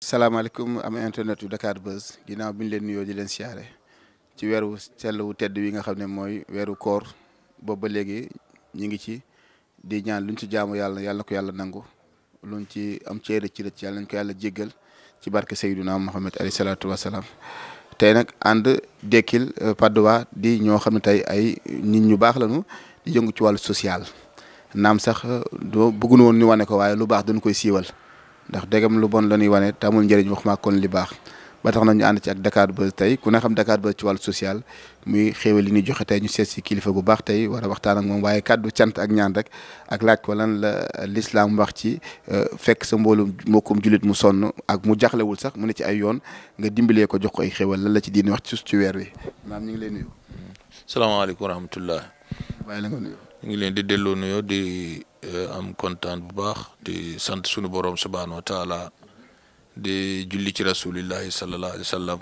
salaamaaleykum am internet yu Dakar Buzz ginaaw bi ñu leen nuyoo di leen siyaare ci weeru sell tedd wi nga xam ne mooy weeru koor boobu ba léegi ñu ngi ci di ñaan luñ ci jaamu yàlla yàlla ko yàlla nangu luñ ci am ceere ci la yàlla nañ yàlla jéggal ci barke Seyduna Muhammad alayhi salaatu wa salaam tey nag ànd dekkil euh, Padoa di ñoo xam ne tey ay nit ñu baax lañu di yëngu ci wàllu social naam sax euh, doo bëgguñu woon ñu wane ko waaye lu baax dañ koy siiwal. ndax dégam lu bon la wane te njariñ wax waxuma kon li baax ba tax na ñu ànd ci ak Dakar Buzz tey ku ne xam Dakar Buzz ci wàllu social muy xéewal li ñuy joxe tey ñu seet si kilifa bu baax tey war a ak moom waaye kàddu cant ak ñaan rek ak laaj ko lan la lislaam wax ci euh, fekk sa mboolum mbokkum jullit mu sonn ak mu jaxlewul sax mu ne ci ay yoon nga dimbalee ko jox ko ay xéewal lan la ci diin wax ci suuf ci weer wi maam ñu ngi lay nuyu. salaamaaleykum wa ñu ngi leen di delloo nuyoo di euh, am kontaan bu baax di sant sunu borom subhaanahu wa taala di julli ci rasulillahi sallallahu alayhi wa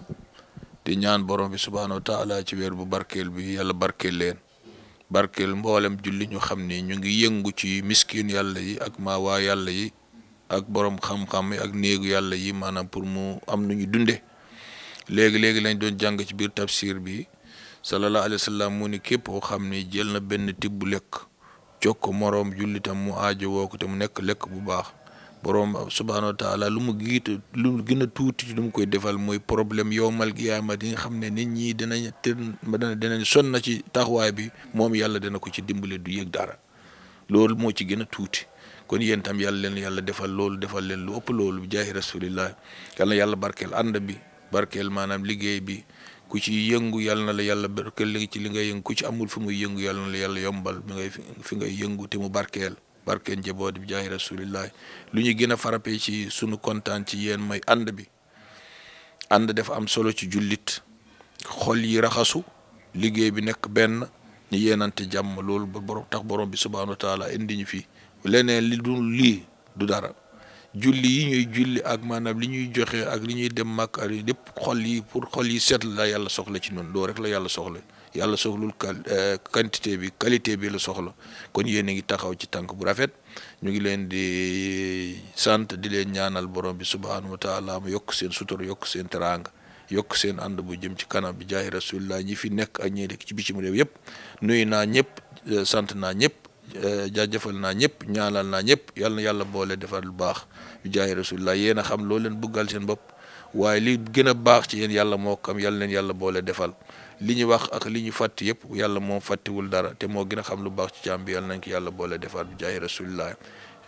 di ñaan borom bi subhaanahu wa ci weer bu barkeel bi yàlla barkeel leen barkeel mboolem julli ñu xam ni ñu ngi yëngu ci miskin yàlla yi ak maawaa yàlla yi ak borom xam-xam ak néegu yàlla yi maanaam pour mu am nu ñu dunde léegi léegi lañ doon jàng ci biir tafsir bi. sallallahu alayhi wa sallam mu ni képp koo xam ne jël na benn tibb lekk jokk moroom jullitam mu aajo woo ko te mu nekk lekk bu baax borom subhaanahu wa lu mu giitu lu gën a tuuti lu mu koy defal mooy problème yowmal qiyaama yi nga xam ne nit ñi dinañ dana dinañ sonn na ci taxawaay bi moom yàlla dana ko ci dimbale du yëg dara loolu moo ci gën a tuuti kon yéen tam yàlla leen yàlla defal loolu defal leen lu ëpp loolu bi jaahi rasulillah yàlla yàlla barkeel ànd bi barkeel maanaam liggéey bi ku ci yëngu yàlla na la yàlla barkeel ci li ngay yëngu ku ci amul fu muy yëngu yàlla na la yàlla yombal mi ngay fi ngay yëngu te mu barkeel barkeel njaboot bi jaay rasulillahi lu ñuy gën a farape ci sunu kontaan ci yéen may ànd bi ànd dafa am solo ci jullit xol yi raxasu liggéey bi nekk benn ñu yéenante jàmm loolu ba borom tax borom bi subhanahu wa taala indi ñu fi leneen li dul lii du dara julli yi ñuy julli ak maanaam li ñuy joxe ak li ñuy dem màkk ak lépp xol yi pour xol yi seet la yàlla soxla ci noonu loolu rek la yàlla soxla yàlla soxlul euh, quantité bi qualité bi la soxla kon yéen a ngi taxaw ci tànk bu rafet ñu ngi leen di sant di leen ñaanal borom bi subhaanahu wa taala mu yokk seen sutur yokk seen teraanga yokk seen ànd bu jëm ci kanam bi jaay rasulillah ñi fi nekk ak ñi nekk ci bitim réew yëpp nuyu naa ñëpp euh, sant naa ñëpp. Euh, jaajafal naa ñëpp ñaanal naa ñëpp yal na yàlla boole defar lu baax yu jaay rasulillah yéen a xam loo leen bëggal seen bopp waaye li gën a baax ci yéen yàlla moo kam yal leen yàlla boole defal li ñu wax ak li ñu fàtt yëpp yàlla moom fàttewul dara te moo gën a xam lu baax ci jàmm bi yal nañ ko yàlla boole defar bi jaay rasulillah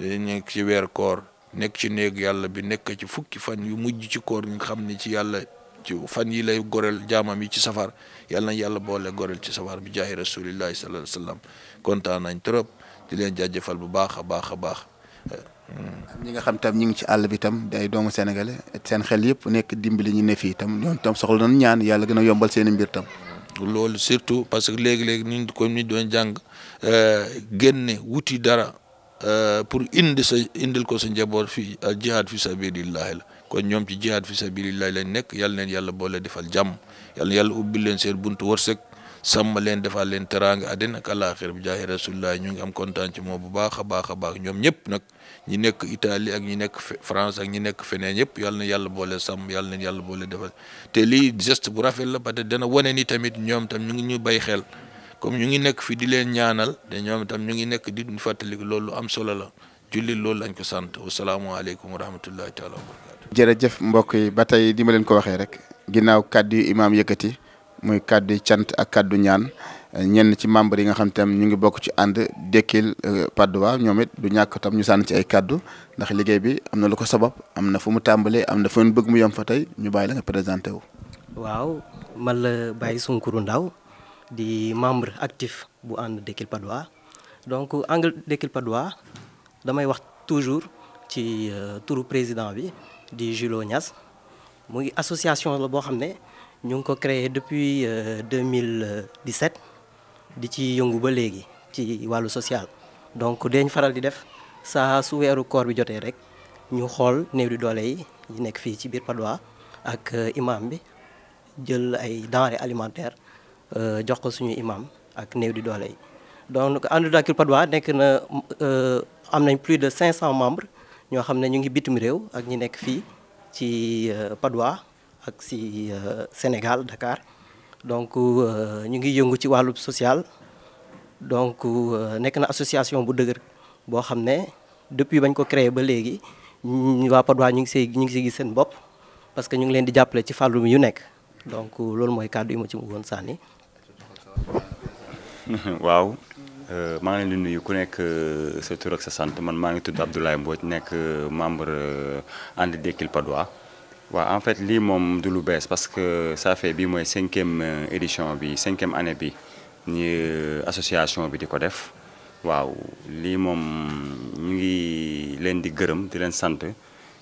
ñu nekk ci weer koor nekk ci néeg yàlla bi nekk ci fukki fan yu mujj ci koor nga xam ni ci yàlla ci fan yi lay gorel jaamam yi ci safar yàlla nañ yàlla boole gorel ci safar bi jaay rasulillahi sallallahu alayhi wasallam kontaan nañ trop di leen jaajëfal bu baax a baax a baax. ñi nga xam tam ñu ngi ci àll bi tam day doomu sénégalais seen xel yëpp nekk dimbali ñu ne fii tam ñoom tam soxla nañ ñaan yàlla gën a yombal seeni mbir tam. loolu surtout parce que léegi-léegi ni comme ni doon jàng euh, génne wuti dara euh, pour indi sa indil ko sa njaboot fii al jihad fi sabilillah la kon ñoom ci jihaad fi sabilillah lañ nekk yàlla leen yàlla boole defal jàmm yal na yàlla ubbil leen seen buntu wërsëg sàmm leen defal leen teraanga àddina ak àllaaxira bi jaahi rasulillah ñu ngi am kontaan ci moom bu baax a baax a baax ñoom ñëpp nag ñi nekk Italie ak ñi nekk France ak ñi nekk feneen yëpp yal yàlla boole sàmm yal na yàlla boole defal te lii geste bu rafet la parce que dana wane ni tamit ñoom tam ñu ngi ñu bay xel comme ñu ngi nekk fi di leen ñaanal te ñoom tam ñu ngi nekk di fàttaliku loolu am solo la. jullit loolu lañ ko sant wasalaamaaleykum wa rahmatullahi taala wa barakaatu. jërëjëf mbokk yi ba tey di ma leen ko waxee rek ginnaaw kàddu yu imaam yëkkati muy kàddu yu cant ak kaddu ñaan ñenn ci membre yi nga xam tam ñu ngi bokk ci ànd dekkil euh, Patte d'Oie ñoom it du ñàkk tam ñu sànn ci ay kàddu ndax liggéey bi am na lu ko sabab am na fu mu tàmbalee am na fu mu bëgg mu yom fa tey ñu bàyyi la nga présenté wu. waaw man la Baye Sunkuru Ndaw di membre actif bu ànd dekkil Patte d'Oie donc ànd dekkil damay wax toujours ci euh, tour président bi di Julo ñas muy association la boo xam ne ñu ngi ko créé depuis 2017 euh, di ci yëngu ba léegi ci wàllu social. donc dañ faral di def saa su weeru koor bi jotee rek ñu xool néew di doole yi ñu nekk fii ci biir Patte ak euh, imam bi jël ay denrées alimentaires jox ko suñu imam ak néew di doole yi donc ànd ak Patte d'Oie nekk na. am nañ plus de 500 membres ñoo xam ne ñu ngi bitim réew ak ñu nekk fii ci euh, Padoa ak si euh, Sénégal Dakar donc euh, ñu ngi yëngu ci wàllu sociale donc nekk na association bu dëgër boo xam ne depuis bañ ko créé ba léegi waa Padoa ñu ngi see ñu ngi si gis seen bopp parce que ñu ngi leen di jàppale ci fàllum yu nekk donc loolu mooy kàddu yi ma ci bëggoon sànni waaw Euh, maa ngi leen di nuyu ku nekk euh, sa tur ak sa sant man maa ngi tudd Abdoulaye Mbodj nekk euh, membre ànd Dekkil Patte d'Oie waaw en fait lii moom du lu bees parce que ça fait bii mooy cinquième édition bi cinquième année bi ñi association bi di ko def waaw lii moom ñu ngi leen di gërëm di leen sant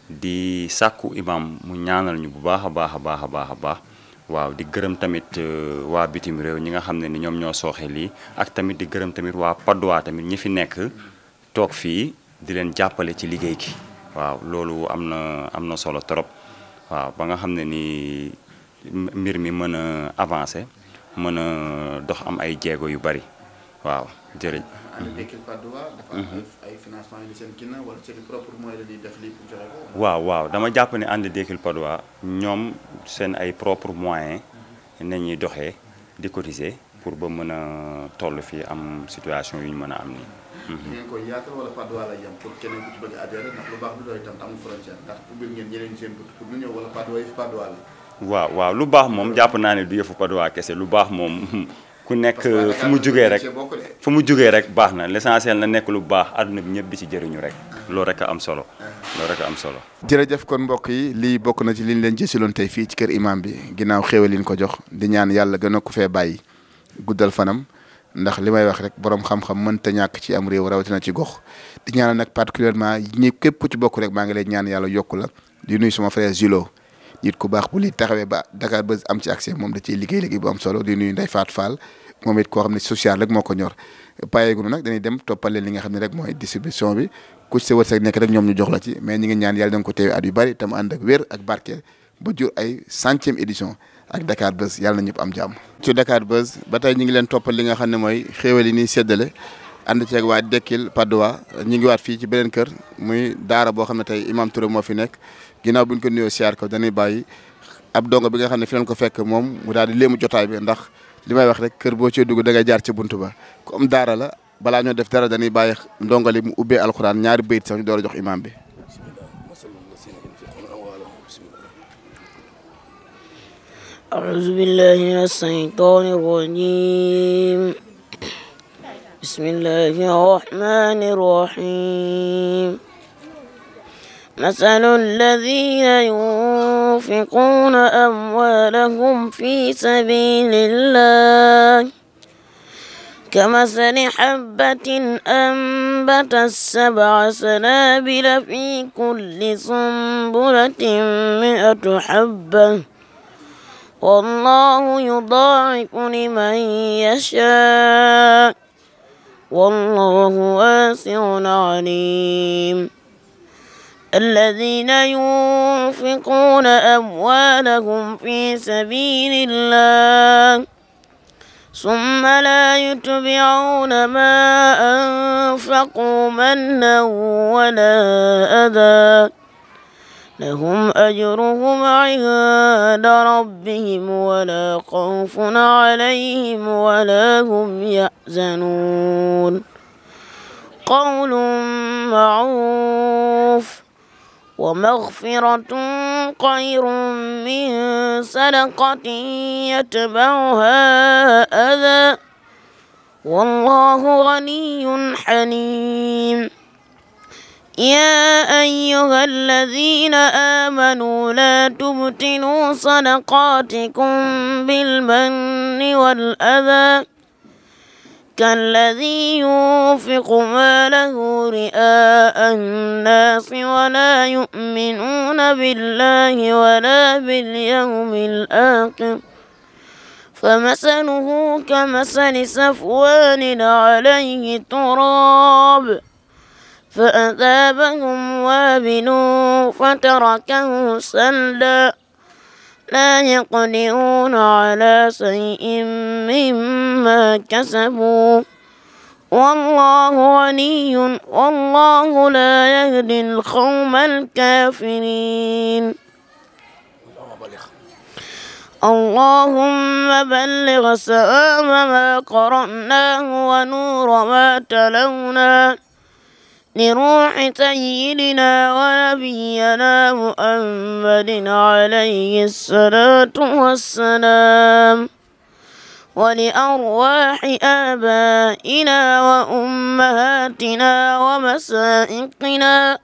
di sàkku imam mu ñaanal ñu bu baax a baax a baax a baax a baax waaw di gërëm tamit euh, waa bitim réew ñi nga xam ne ni ñoom ñoo sooxe lii ak tamit di gërëm tamit waa Padois tamit ñi fi nekk toog fii di leen jàppale ci liggéey gi waaw loolu am na am na solo trop waaw ba nga xam ne nii mbir mi mën a avancé mën a dox am ay jéego yu bari waaw jërëjëf. ànd ay financement yu seen ginnaaw wala seen propre def lii waaw waaw dama jàpp ne ànd Tekki Patte ñoom seen ay propre moyen nañuy doxee di cotiser pour ba mën a toll fii am situation yu ñu mën a am nii ngeen koy yaatal wala Patte d'Oie lay pour keneen ku ci bëgg a ndax lu baax du doy tam amul frontière ndax ubbil ngeen ñeneen seen bunt pour ñu la waaw waaw lu baax moom euh. jàpp naa ne du yëfu Patte kese lu baax moom ku nekk fu mu jugee rek fu mu jugee rek baax na lessance na nekk lu baax àdduna bi ñëpp bi ci jëriñu rek loolu rek a am solo loolu rek a am solo jërëjëf kon mbokk yi lii bokk na ci liñ leen jësiloon tey fii ci kër imam bi ginnaaw xéewal liñ ko jox di ñaan yàlla gën a ko fee bàyyi guddal fanam ndax li may wax rek borom xam-xam mënta ñàkk ci am réew rawatina ci gox di ñaan ñaanal nag particulièrement ñi képp ku ci bokk rek maa ngi lay ñaan yàlla yokku la di nuyu sama frère Zilo nit ku baax bu li taxawee ba Dakar Buzz am ci accès moom da ciy liggéey liggéey bu am solo di nuyu Ndeye Fatou Fall moom it koo xam ne social rek moo ko ñor payeegunu nag dañuy dem toppaleen leen li nga xam ne rek mooy distribution bi ku ci sa nekk rek ñoom ñu jox la ci mais ñi ngi ñaan yàlla da ko teewe at yu bari tam ànd ak wér ak barkeel ba jur ay centième édition ak Dakar Buzz yàlla na ñëpp am jàmm. ci Dakar Buzz ba tey ñu ngi leen toppal li nga xam ne mooy xéewal yi ñuy séddale ànd ceeg waa Dekkil Padoa ñu ngi waat fii ci beneen kër muy daara boo xam ne tey Imam Touré moo fi nekk ginnaaw bu ñu ko nuyoo siyaar ko dañuy bàyyi ab dongo bi nga xam ne fi leen ko fekk moom mu daal di léemu jotaay bi ndax li may wax rek kër boo cee dugg da jaar ci buntu ba comme daara la balaa ñoo def dara dañuy bàyyi ndongo li mu ubbee alxuraan ñaari bayit sax ñu door a jox imam bi. أعوذ بالله من الشيطان الرجيم بسم الله الرحمن الرحيم مثل الذين ينفقون أموالهم في سبيل الله كمثل حبة أنبت السبع سنابل في كل سنبلة مئة حبة والله يضاعف لمن يشاء والله واسع عليم الذين ينفقون أموالهم في سبيل الله ثم لا يتبعون ما أنفقوا منا ولا أذى لهم أجرهم عند ربهم ولا خوف عليهم ولا هم يحزنون قول معروف ومغفرة خير من صدقة يتبعها أذى والله غني حليم يا أيها الذين آمنوا لا تبطلوا صدقاتكم بالمن والأذى كالذي ينفق ماله رئاء الناس ولا يؤمنون بالله ولا باليوم الآخر فمثله كمثل سفوان عليه تراب فأثابهم وابل فتركه سلدا لا يقدرون على شيء مما كسبوا والله غني والله لا يهدي القوم الكافرين اللهم بلغ سلام ما قرأناه ونور ما تلوناه لروح سيدنا ونبينا محمد عليه الصلاة والسلام ولأرواح آبائنا وأمهاتنا ومسائقنا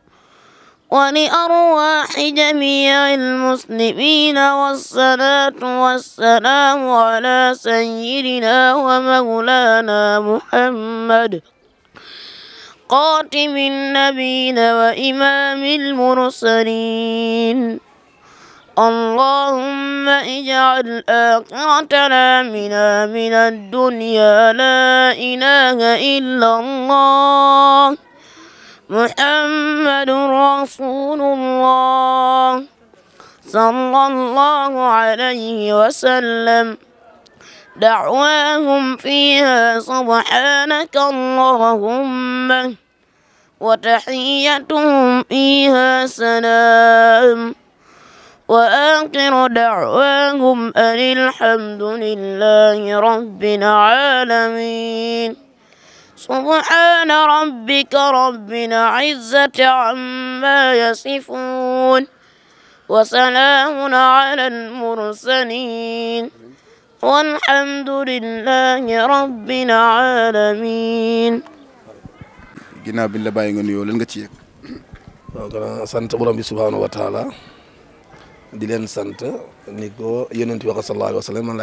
ولأرواح جميع المسلمين والصلاة والسلام على سيدنا ومولانا محمد وخاتم النبيين وإمام المرسلين اللهم اجعل آخرتنا منا من الدنيا لا إله إلا الله محمد رسول الله صلى الله عليه وسلم دعواهم فيها سبحانك اللهم وتحيتهم فيها سلام وآخر دعواهم أن الحمد لله رب العالمين سبحان ربك رب العزة عما يصفون وسلام على المرسلين walhamdu lillahi rabbil alamin ginnaaw bi la bàyyi nga nuyoo ci yëg waaw gannaaw sant borom bi subhaanahu wa taala di leen sant ni ko yonent bi wax sallallahu alayhi wa sallam man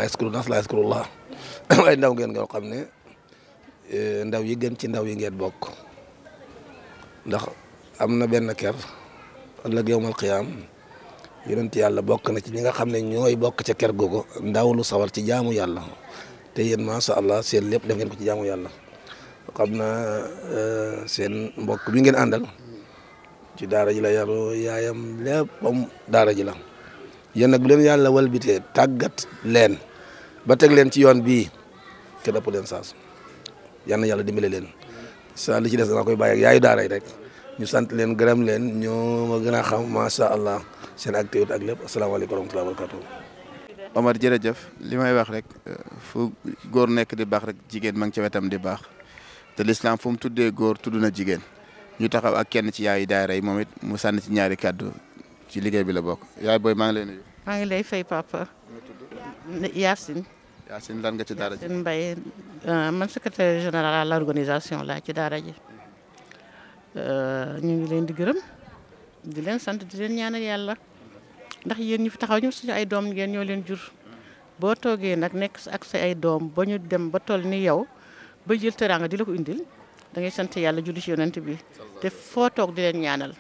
laa ndaw ngeen nga xam ne e, ndaw yi gën ci ndaw yi ngeen bokk ndax am na benn ker ëllëg yowmal qiyaam yonent yàlla bokk na ci ñi nga xam ne ñooy bokk ca ker googu ndaw lu sawar ci jaamu yàlla te yéen macha allah seen lépp def ngeen ko ci jaamu yàlla xam na euh, seen mbokk bi ngeen àndal ci daara ji la yaroo yaayam léppam daara ji la yéen nag bu leen yàlla tàggat leen ba teg leen ci yoon bi te dëpp leen saas yal na yàlla dimbale leen saa li ci des koy bàyyi ak yaayu daara yi rek. ñu sant leen gërëm leen ñoo ma gën a xam macha allah seen activité ak lépp asalaamaaleykum wa rahmatulah wabarakatuh Omar jërëjëf li may wax rek euh, fu góor nekk di baax rek jigéen ma ngi ci wetam di baax te lislaam fu mu tuddee góor tudd na jigéen ñu taxaw ak kenn ci yaayu daayira yi moom it mu sànni ci ñaari kàddu ci liggéey bi la bokk yaay booy maa ngi lay nuyu. maa ngi lay fay papa. Yacine. Yacine lan nga ci daara ji mbay Mbaye euh, man secretaire général à l'organisation laa ci daara ji. Euh, ñu ngi leen di gërëm di leen sant di leen ñaanal yàlla ndax yéen ñi fi taxaw ñu suñu ay doom ngeen ñoo leen jur boo toogee nag nekk ak sa ay doom ba ñu dem ba toll ni yow ba jël teraanga di la ko indil da ngay sant yàlla julli ci yonent bi te foo toog di leen ñaanal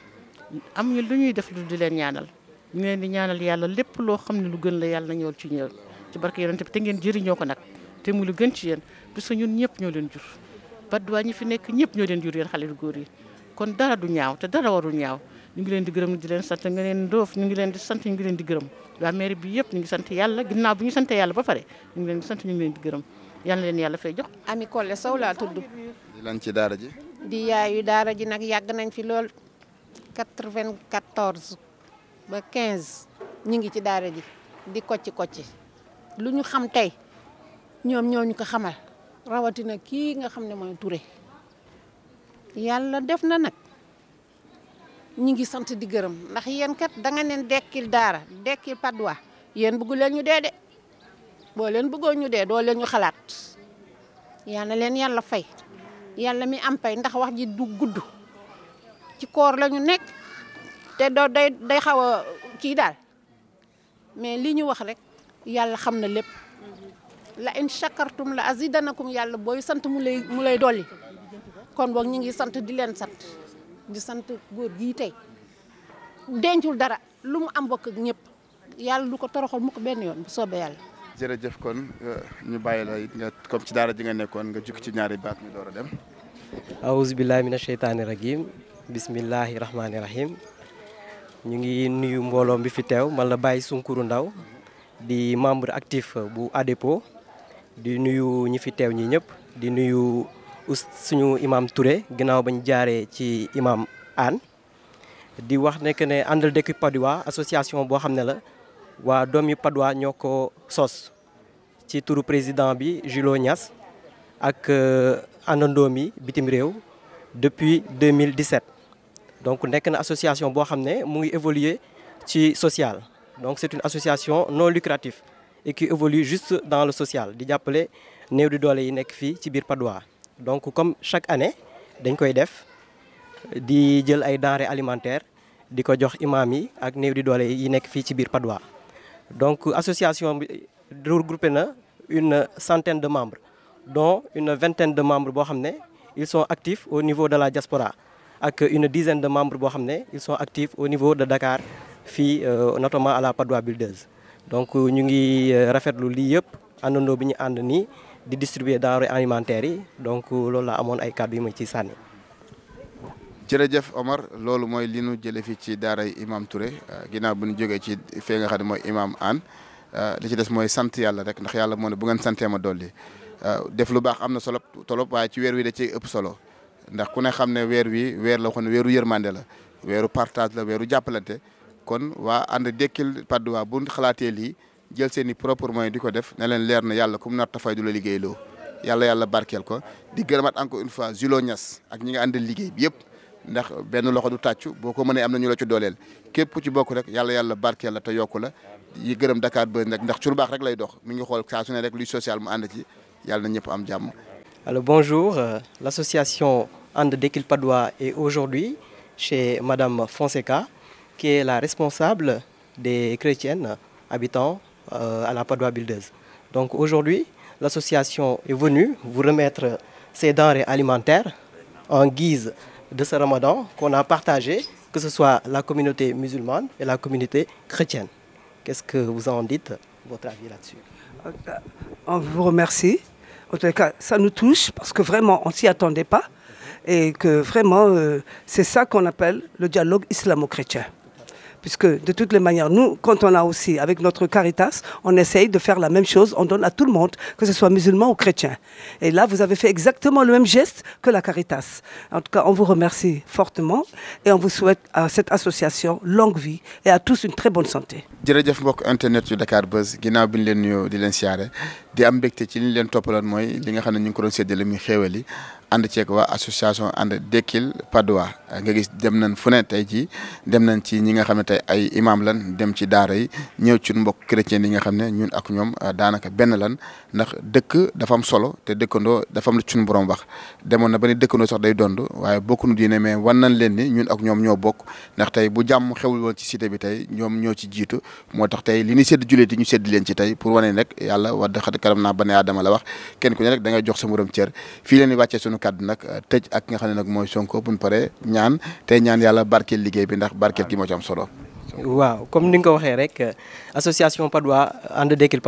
am ñu lu ñuy def lu di leen ñaanal ñu leen di ñaanal yàlla lépp loo xam ne lu gën la yàlla na ñëw ci ñëw ci barke yonent bi te ngeen jëriñoo ko nag te mu lu gën ci yéen parce que ñun ñëpp ñoo leen jur Patte d'Oie ñi fi nekk ñëpp ñoo leen jur yéen góor yi kon dara du ñaaw te dara warul ñaaw ñu ngi leen di gërëm di leen sant nga leen ndóof ñu ngi leen di sant ñu ngi leen di gërëm waa mairie bi yëpp ñu ngi sant yàlla ginnaaw bu ñu sant yàlla ba pare ñu ngi leen di sant ñu ngi leen di gërëm yàlla leen yàlla fay jox Ami kole Sow laa tudd di lan ci ji di yaayu daara ji nag yàgg nañ fi lool 94 ba quinze ñu ngi ci daara ji di kocci kocci lu ñu xam tey ñoom ñoo ñu ko xamal rawatina kii nga xam ne mooy Touré yàlla def na nag ñi ngi sant di gërëm ndax yéen kat da neen dekkil daara dekkil Patte d'Oie yéen bëggu leen ñu dee de boo leen bëggoo ñu dee doo leen xalaat yal na leen yàlla fay yàlla mi am pay ndax wax ji du gudd ci koor la ñu nekk te doo day day xaw a kii daal mais lii ñu wax rek yàlla xam na lépp la in shakartum la na azidanakum yàlla booy sant mu mu lay dolli kon boog ñu ngi sant di leen sant di sant góor gi tey dencul dara lu mu am bokk ak ñëpp yàlla lu ko toroxal mu ko benn yoon bu soobee yàlla. jërëjëf kon euh, ñu bàyyi la it nga comme ci daara ji nga nekkoon nga jukki ci ñaari baat ñu door a dem. awuzu billahi mina sheytaani rajim bismillahi rahmaani rahim ñu ngi nuyu mbooloo bi fi teew man bàyyi Baye Sunkuru Ndaw di membre actif bu ADEPO di nuyu ñi fi teew ñi ñëpp di nuyu. suñu imam Touré ginnaaw bañ jaaree ci imam Anne di wax ne que ne àndal dëkk Padoa association boo xam ne la waa doom yi Padoa ñoo ko sos ci turu président bi Julo ñas ak euh, àndandoom yi bitim réew depuis 2017 donc nekk na association boo xam ne mu ngi évoluer ci social donc c'est une association non lucrative et qui évolue juste dans le sociale di jàppale néew di doole yi nekk fii ci biir Padoa donc comme chaque année dañ koy def di jël ay denrées alimentaires di ko jox imam yi ak néew di doole yi nekk fii ci biir Patte d'Oie donc association bi regroupé na une centaine de membres dont une vingtaine de membre boo xam ne ils sont actifs au niveau de la diaspora ak une dizaine de membre boo xam ne ils sont actifs au niveau de Dakar fii euh, notamment à la Patte d'Oie Builders donc ñu ngi euh, rafetlu lii yëpp àndandoo bi ñu ànd nii di distribuer denrées alimentaires yi donc loolu laa amoon ay kàddu yi ma ci sànni. jërëjëf Omar loolu mooy li nu jëlee fii ci daaray imam ture euh, ginnaaw bu ñu jógee ci fee nga xam ne mooy imam Anne euh, li ci des mooy sant yàlla rek yàlla moo ne bu ngeen santee ma dolli euh, def lu baax am na solo tolop waaye ci weer wi da ci ëpp solo ndax ku ne xam ne weer wi weer la ko ne weeru yërmande la weeru partage la weeru jàppalante kon waa ànd dekkil Patte d'Oie bu xalaatee lii. jël seen i propre moyen di ko def ne leen leer na yàlla kom mu nar tafay du la liggéey loo yàlla yàlla barkeel ko di gërëmaat encore une fois Julo Niass ak ñi nga àndal liggéey bi yëpp ndax benn loxo du tàccu boo ko mënee am na ñu la ci dooleel képp ku ci bokk rek yàlla yàlla barkeel la te la yi gërëm Dakar Buzz nag ndax ci baax rek lay dox mu ngi xool saa su ne rek luy social mu ànd ci yàlla na ñëpp am jàmm. alors bonjour euh, l'association And Dekil Padoua est aujourd'hui chez Madame Fonseca qui est la responsable des chrétiennes habitant Euh, à la Padoie Buildeuse. Donc aujourd'hui, l'association est venue vous remettre ces denrées alimentaires en guise de ce ramadan qu'on a partagé, que ce soit la communauté musulmane et la communauté chrétienne. Qu'est-ce que vous en dites, votre avis là-dessus euh, On vous remercie. En tout cas, ça nous touche parce que vraiment, on ne s'y attendait pas. Et que vraiment, euh, c'est ça qu'on appelle le dialogue islamo-chrétien. puisque de toutes les manières, nous, quand on a aussi, avec notre Caritas, on essaye de faire la même chose, on donne à tout le monde, que ce soit musulman ou chrétien. Et là, vous avez fait exactement le même geste que la Caritas. on vous remercie fortement et on vous souhaite cette association longue vie et à tous une très bonne santé. jërëjëf mbokk internet yu Dakar Buzz ginnaaw bi ñu leen nuyoo di am mbégte ci leen toppaloon mooy li nga xam ne ñu ngi ko doon séddale muy xéewal yi ànd ceeg waa association ànd dekkil Padois nga dem nañ fu ne tey jii dem nañ ci ñi nga xam ne tey ay imaam lan dem ci daara yi ñëw ci mbokk chrétien yi nga xam ne ñun ak ñoom ah, daanaka benn lan ndax dëkk dafa am solo te dëkkandoo dafa am lu ci wax demoon na ba ni dëkkandoo sax day dond waaye bokkuñu diine mais wan nañ leen ni ñun ak ñoom ñoo bokk ndax tey bu jàmm xewul woon ci cité bi tey ñoom ñoo ci jiitu moo tax tey li ñu sédd jullit yi ñu sedd leen ci tey pour wane rek yàlla wadd karam naa bane aadama la wax kenn ku rek da ngay jox sa morom cër fii leen di wàccee sunu nag euh, tëj ak nga xam nag mooy Sonko buñ pare ñaan tey ñaan yàlla barkeel liggéey bi ndax barkeel gi moo ci am solo waaw comme ni nga ko waxee rek euh, association Padois ànd dekkil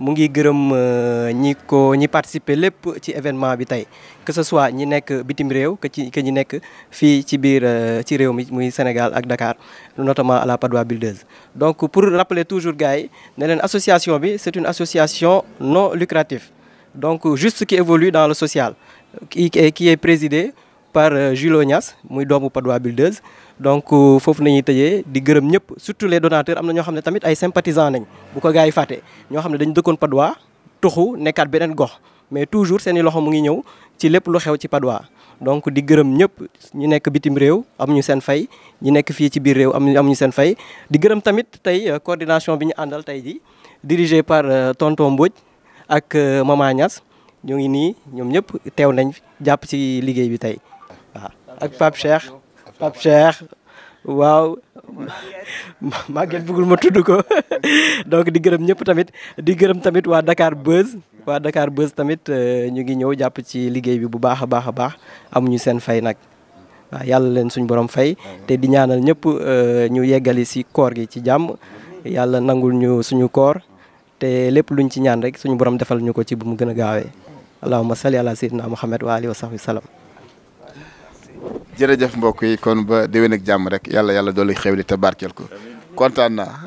mu ngi gërëm euh, ñi ko ñi participer lépp ci événement bi tey que ce soit ñi nekk bitim réew que ci que ñi nekk fii ci biir euh, ci réew mi muy Sénégal ak Dakar notamment à la Padoa Builders donc pour rappeler toujours gars yi ne leen association bi c'est une association non lucrative donc juste qui évolue dans le social qui est présidée par euh, Julio Niass muy doomu Padois Builders donc euh, foofu nañuy tëjee di gërëm ñëpp surtout les donateurs am na ñoo xam ne tamit ay sympathisants nañ bu ko gars yi fàtte ñoo xam ne dañ dëkkoon Padois tuxu nekkaat beneen gox mais toujours seen i loxo mu ngi ñëw ci lépp lu xew ci Padois donc di gërëm ñëpp ñu nekk bitim réew am ñu seen fay ñu nekk fii ci biir réew am am ñu seen fay di gërëm tamit tey euh, coordination bi ñu àndal tey ji dirigé par tonton Mbodj ak maman ñas ñoo ngi nii ñoom ñëpp teew nañ jàpp ci liggéey bi tey ak Pape Cheikh waaw Maguette bëggul ma tudd ko donc di gërëm ñëpp tamit di gërëm tamit waa Dakar Buzz waa dakaar Buzz tamit euh, ñu ngi ñëw jàpp ci liggéey bi bu baax a baax a baax amuñu seen fay nag waaw yàlla leen suñ borom fay te di ñaanal ñëpp euh, ñu yeggali si koor gi ci jàmm yàlla nangul ñu suñu koor te lépp luñ ci ñaan rek suñu borom defal ñu ko ci bu mu gën a gaawee allahumma salli ala sayyidina muhammad wa alihi wa sahbi salaam jërëjëf mbokk yi kon ba déwén ak jàmm rek yàlla yàlla doole xewli te barkeel ko kontaan naa